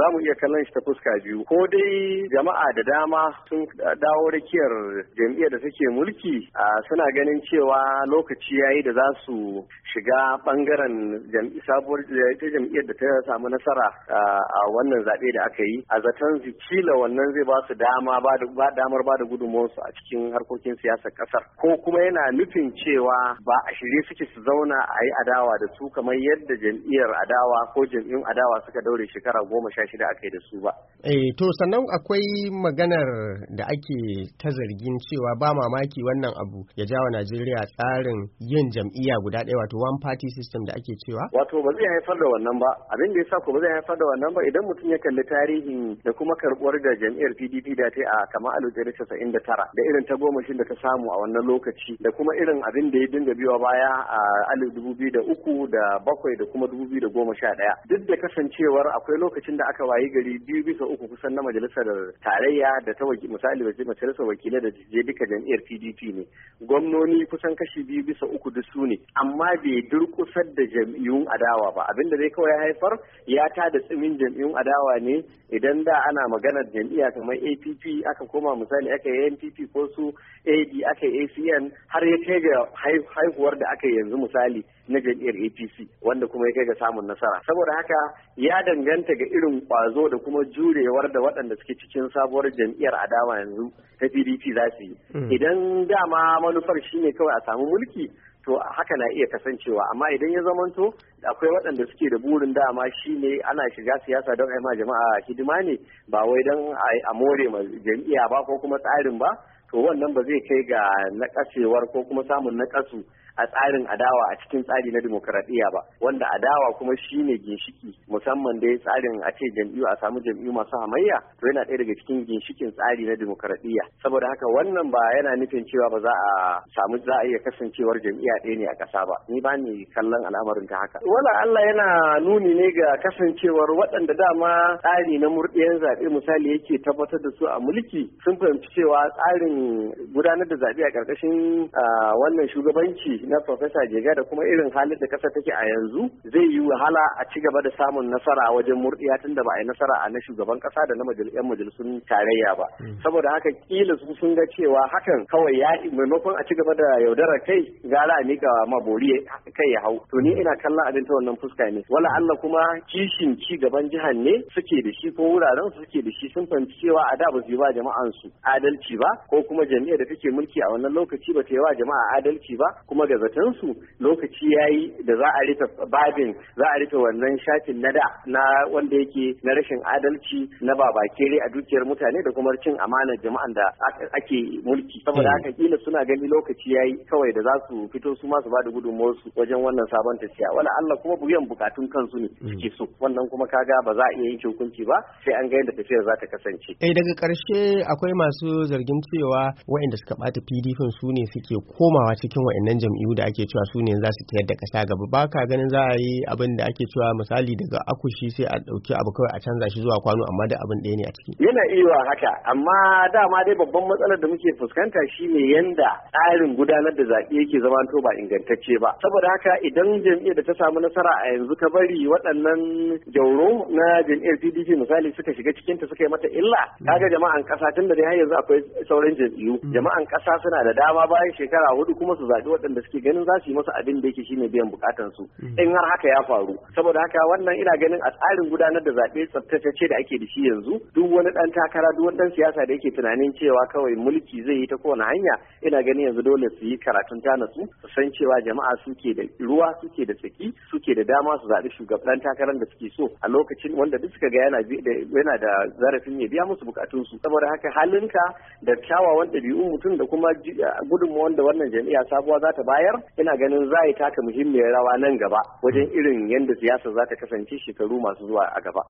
za mu iya kallon shi ta fuska biyu ko dai jama'a da dama sun dawo rakiyar jam'iyyar da suke mulki suna ganin cewa lokaci yayi da za su shiga bangaren sabuwar eh, jam'iyyar da ta samu nasara a wannan zaɓe da aka yi a zaton kila wannan zai ba su dama ba damar ba da gudunmuwarsu a cikin harkokin siyasar ƙasar ko kuma yana nufin cewa ba a shirye suke su zauna a yi adawa da su kamar yadda jam'iyyar adawa ko jam'iyyun adawa suka daure shekara goma sha shida aka yi da su ba. Eh to sannan akwai maganar da ake ta zargin cewa ba mamaki wannan abu ya jawa Najeriya tsarin yin jam'iyya guda ɗaya wato one party system da ake cewa. Wato ba zai haifar da wannan ba abin da ya sa ko ba zai haifar da wannan ba idan mutum ya kalli tarihin da kuma karɓuwar da jam'iyyar PDP da ta a kama a lokacin casa'in da tara da irin ta goma da ta samu a wannan lokaci da kuma irin abin da ya dinga biyowa baya a alif dubu biyu da uku da bakwai da kuma dubu biyu da goma sha ɗaya duk da kasancewar akwai lokacin da da aka wayi gari biyu bisa uku kusan na majalisar tarayya da ta waki misali majalisar wakilai da je duka jam'iyyar PDP ne gwamnoni kusan kashi biyu bisa uku duk su ne amma bai durkusar da jam'iyyun adawa ba abin da zai kawai haifar ya ta da tsimin jam'iyyun adawa ne idan da ana maganar jam'iyya kamar APP aka koma misali aka yi NPP ko su AD aka yi ACN har ya kai ga haihuwar da aka yanzu misali na jam'iyyar APC wanda kuma ya kai ga samun nasara saboda haka ya danganta ga irin samun kwazo da kuma jurewar da waɗanda suke cikin sabuwar jam'iyyar adawa yanzu ta pdp za su yi hmm. idan dama manufar shine kawai a samu mulki to haka na iya kasancewa amma idan ya zamanto akwai waɗanda suke da burin dama shi ne ana shiga siyasa don ma jama'a hidima ne ba wai don a more ma jam'iyya ba ko kuma tsarin ba to wannan ba zai kai ga nakasewar ko kuma samun nakasu a tsarin adawa a cikin tsari na demokradiyya ba wanda adawa kuma shine ginshiki musamman dai tsarin a ce jam'iyyu a samu jam'iyyu masu hamayya to yana ɗaya daga cikin ginshikin tsari na demokradiyya saboda haka wannan ba yana nufin cewa ba za a samu za a iya kasancewar jam'iyya ɗaya ne a ƙasa ba ni ba ni kallon al'amarin ta haka wala Allah yana nuni ne ga kasancewar waɗanda dama tsari na murɗiyan zaɓe misali yake tabbatar da su a mulki sun fahimci cewa tsarin gudanar da zaɓe a ƙarƙashin wannan shugabanci na Profesa Jega da kuma irin halin da kasa take a yanzu zai yi wahala a ci gaba da samun nasara wajen murdiya tun da ba a yi nasara a na shugaban kasa da na yan majalisun tarayya ba. Mm. Saboda haka kila su sun ga cewa hakan kawai ya maimakon a ci gaba da yaudarar kai gara a miƙa ma boriye kai ya hau. To ni mm. ina kallon abin ta wannan fuska ne. Wala Allah kuma kishin ci gaban jihar ne suke da shi ko wuraren suke da shi sun fahimci cewa a da ba su yi ba jama'ansu adalci ba ko kuma jami'ar da take mulki a wannan lokaci ba ta yi wa jama'a adalci ba kuma da su lokaci yi da za a rufe babin za a rufe wannan shafin na da na wanda yake na rashin adalci na babakere a dukiyar mutane da kuma cin amanar jama'an da ake mulki saboda haka hmm. kila suna gani lokaci yayi kawai da za su fito su ma su bada gudunmuwar su wajen wannan sabon tafiya wala Allah kuma biyan bukatun kansu ne hmm. suke so wannan kuma kaga ba za a iya yin hukunci ba sai an ga yadda tafiyar za ta kasance eh daga karshe akwai masu zargin cewa waɗanda suka bata PDP su ne suke komawa cikin waɗannan jam'i jam'iyyu da ake cewa su ne za su tayar da kasa gaba ba ka ganin za a yi abin da ake cewa misali daga akushi sai a ɗauki abu kawai a canza shi zuwa kwano amma da abin ɗaya ne a ciki yana iya haka amma dama dai babban matsalar da muke fuskanta shi ne yanda tsarin gudanar da zaɓe yake zama to ba ingantacce ba saboda haka idan jam'iyyar da ta samu nasara a yanzu ka bari waɗannan jauro na jam'iyyar PDP misali suka shiga cikin ta suka yi mata illa kaga jama'an kasa tun da dai har yanzu akwai sauran jam'iyyu mm. jama'an kasa suna da dama bayan shekara hudu kuma su zaɓi waɗanda suke ganin za su yi masa abin da yake shine biyan bukatan su mm. in har haka ya faru saboda haka wannan ina ganin a tsarin gudanar da zaɓe tsaftatacce da ake da shi yanzu duk wani dan takara duk wani dan siyasa da yake tunanin cewa kawai mulki zai yi ta kowane hanya ina ganin yanzu dole su yi karatun tana su san cewa jama'a suke da ruwa suke da tsaki suke da dama su zaɓi shugaban takarar da suke so a lokacin wanda duk suka ga yana yana da zarafin ya biya musu bukatun su saboda haka halinka da kyawawan ɗabi'un mutum da kuma gudunmawar da wannan jami'a sabuwa za ta bayar bayar ina ganin za a yi taka muhimmiyar rawa nan gaba wajen irin yadda siyasa za ta kasance shekaru masu zuwa a gaba.